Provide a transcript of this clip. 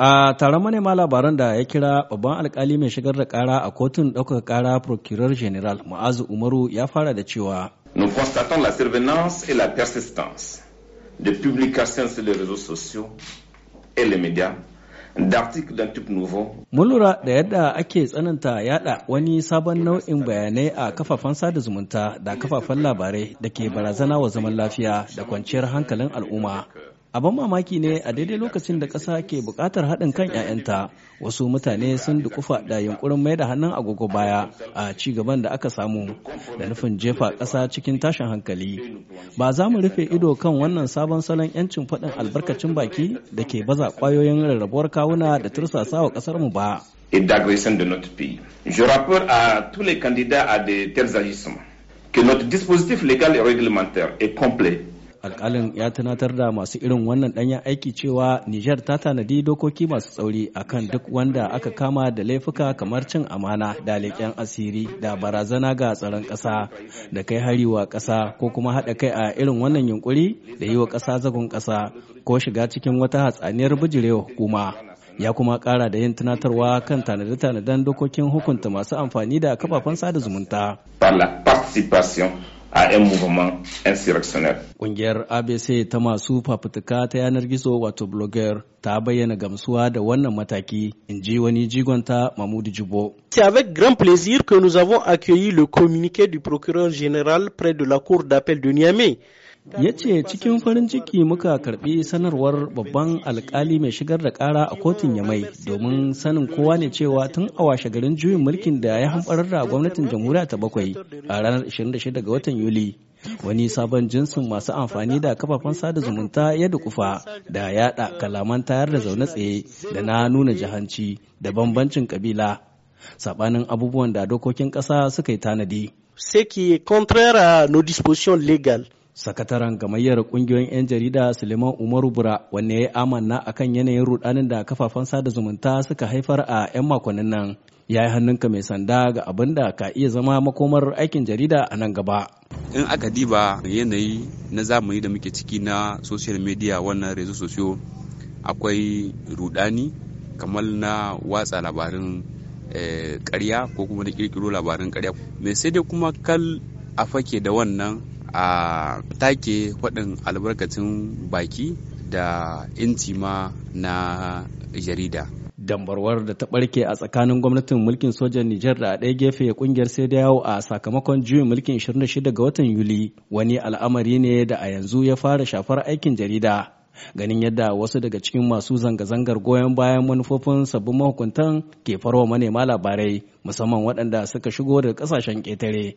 A taron manema labaran da ya kira babban alkali mai shigar da kara a kotun ɗaukaka kara Procureur General Ma'azu Umaru ya fara da cewa. Nous constatons la surveillance Mun lura da yadda ake tsananta yada wani sabon nau'in bayanai a kafafen sada zumunta da kafafen labarai da ke barazana wa zaman lafiya da kwanciyar hankalin al'umma abin mamaki ne a daidai lokacin da ƙasa ke buƙatar haɗin kan 'ya'yanta wasu mutane sun dukufa da yunkurin mai da hannun agogo baya a ci gaban da aka samu da nufin jefa ƙasa cikin tashin hankali ba za mu rufe ido kan wannan sabon salon 'yancin faɗin albarkacin baki da ke baza ƙwayoyin rarrabuwar kawuna da tursasa wa ƙasarmu ba et d'agression de notre pays. Je rappelle à tous les candidats à tels agissements que notre dispositif légal et réglementaire est complet alkalin ya tunatar da masu irin wannan danya aiki cewa nijar ta tanadi dokoki masu tsauri akan duk wanda aka kama da laifuka kamar cin amana da leƙen asiri da barazana ga tsaron ƙasa da kai hari wa ƙasa ko kuma haɗa kai a irin wannan yunkuri da yi wa ƙasa zagon ƙasa ko shiga cikin wata hatsaniyar bijirewa hukuma ya kuma ƙara da yin tunatarwa kan tanade-tanaden dokokin hukunta masu amfani da kafafen sada zumunta. a 'yan muhimman 'yan sirexinel. Ƙungiyar ABC ta masu fafutuka ta yanar gizo wato blogger ta bayyana gamsuwa da wannan mataki, in ji wani jigonta Mamudu Jibo. C'est avec grand plaisir que nous avons accueilli le communiqué du procureur général près de la cour d'appel de Niamey. ya ce cikin farin ciki muka karbi sanarwar babban alkali mai shigar da kara a kotun yamai domin sanin kowa ne cewa tun a washe garin juyin mulkin da ya hamɓarar da gwamnatin jamhuriya ta bakwai a ranar 26 ga watan yuli wani sabon jinsin masu amfani da kafafen sada zumunta ya dukufa da yada kalaman tayar da zaune tsaye da na nuna jahanci da bambancin kabila sabanin abubuwan da dokokin ƙasa suka yi tanadi. Ce qui est contraire à nos dispositions légales. sakataren gamayyar kungiyoyin 'yan jarida suleiman umaru bura wanne ya yi amanna a kan yanayin rudanin da kafafen sada zumunta suka haifar a 'yan makonnin nan ya yi hannunka mai sanda ga abin da ka iya zama makomar aikin jarida a nan gaba in aka diba yanayi na zamani da muke ciki na social media wannan rezo sosiyo akwai rudani kamar na watsa labarin karya eh, ko kuma na kirkiro labarin karya mai sai dai kuma kal a fake da wannan a take faɗin albarkacin baki da inci na jarida. dambarwar da ta ɓarke a tsakanin gwamnatin mulkin sojan Nijar da a ɗaya gefe kungiyar sai da yawo a sakamakon juyin mulkin 26 ga watan Yuli wani al'amari ne da a yanzu ya fara shafar aikin jarida. Ganin yadda wasu daga cikin masu zanga-zangar goyon bayan manufofin sabbin mahukuntan ke farwa manema labarai musamman waɗanda suka shigo daga ƙasashen ƙetare.